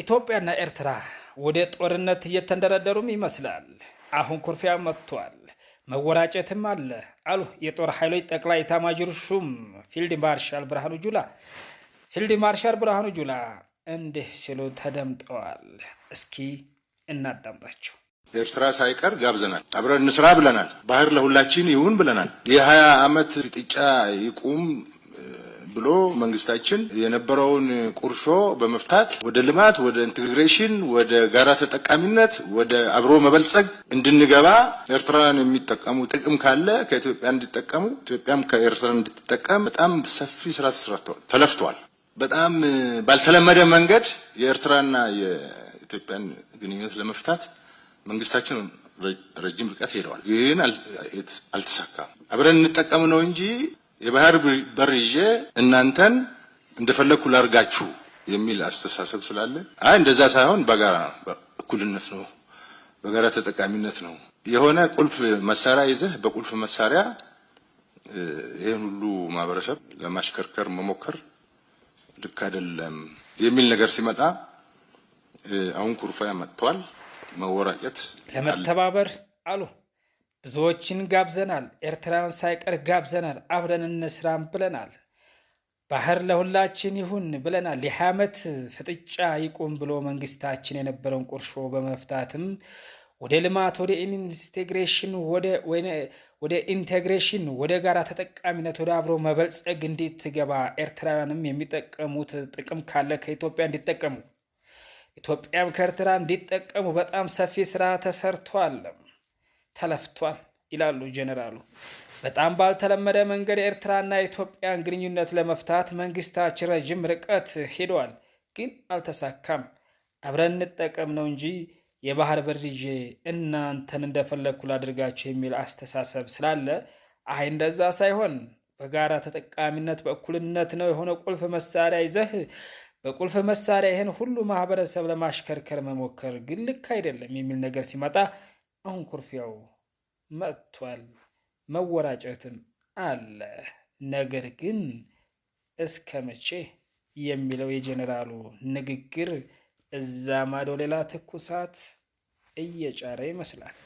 ኢትዮጵያና ኤርትራ ወደ ጦርነት እየተንደረደሩም ይመስላል። አሁን ኩርፊያ መጥቷል፣ መወራጨትም አለ አሉ የጦር ኃይሎች ጠቅላይ ኤታማዦር ሹም ፊልድ ማርሻል ብርሃኑ ጁላ። ፊልድ ማርሻል ብርሃኑ ጁላ እንዲህ ሲሉ ተደምጠዋል። እስኪ እናዳምጣቸው። ኤርትራ ሳይቀር ጋብዘናል። አብረን እንስራ ብለናል። ባህር ለሁላችን ይሁን ብለናል። የሀያ ዓመት ፍጥጫ ይቁም ብሎ መንግስታችን የነበረውን ቁርሾ በመፍታት ወደ ልማት፣ ወደ ኢንቴግሬሽን፣ ወደ ጋራ ተጠቃሚነት፣ ወደ አብሮ መበልጸግ እንድንገባ ኤርትራን የሚጠቀሙ ጥቅም ካለ ከኢትዮጵያ እንዲጠቀሙ ኢትዮጵያም ከኤርትራ እንድትጠቀም በጣም ሰፊ ስራ ተሰርቷል፣ ተለፍቷል። በጣም ባልተለመደ መንገድ የኤርትራና የኢትዮጵያን ግንኙነት ለመፍታት መንግስታችን ረጅም ርቀት ሄደዋል፣ ግን አልተሳካም። አብረን እንጠቀም ነው እንጂ የባህር በር ይዤ እናንተን እንደፈለግኩ ላርጋችሁ የሚል አስተሳሰብ ስላለ አይ እንደዛ ሳይሆን በጋራ እኩልነት ነው፣ በጋራ ተጠቃሚነት ነው። የሆነ ቁልፍ መሳሪያ ይዘህ በቁልፍ መሳሪያ ይህን ሁሉ ማህበረሰብ ለማሽከርከር መሞከር ልክ አይደለም የሚል ነገር ሲመጣ አሁን ኩርፊያ መጥተዋል። መወራጨት ለመተባበር አሉ ብዙዎችን ጋብዘናል። ኤርትራውን ሳይቀር ጋብዘናል። አብረን እንስራም ብለናል። ባህር ለሁላችን ይሁን ብለናል። ይህ ዓመት ፍጥጫ ይቁም ብሎ መንግስታችን የነበረውን ቁርሾ በመፍታትም ወደ ልማት፣ ወደ ኢንስቴግሬሽን፣ ወደ ኢንቴግሬሽን፣ ወደ ጋራ ተጠቃሚነት፣ ወደ አብሮ መበልጸግ እንድትገባ ኤርትራውያንም የሚጠቀሙት ጥቅም ካለ ከኢትዮጵያ እንዲጠቀሙ፣ ኢትዮጵያም ከኤርትራ እንዲጠቀሙ በጣም ሰፊ ስራ ተሰርቷል። ተለፍቷል ይላሉ ጀኔራሉ። በጣም ባልተለመደ መንገድ የኤርትራና የኢትዮጵያን ግንኙነት ለመፍታት መንግስታችን ረዥም ርቀት ሄደዋል፣ ግን አልተሳካም። አብረን እንጠቀም ነው እንጂ የባህር በር ይዤ እናንተን እንደፈለግኩ ላድርጋቸው የሚል አስተሳሰብ ስላለ አይ እንደዛ ሳይሆን በጋራ ተጠቃሚነት በእኩልነት ነው የሆነ ቁልፍ መሳሪያ ይዘህ በቁልፍ መሳሪያ ይህን ሁሉ ማህበረሰብ ለማሽከርከር መሞከር ግን ልክ አይደለም የሚል ነገር ሲመጣ አሁን ኩርፊያው መጥቷል፣ መወራጨትም አለ። ነገር ግን እስከ መቼ የሚለው የጀኔራሉ ንግግር እዛ ማዶ ሌላ ትኩሳት እየጫረ ይመስላል።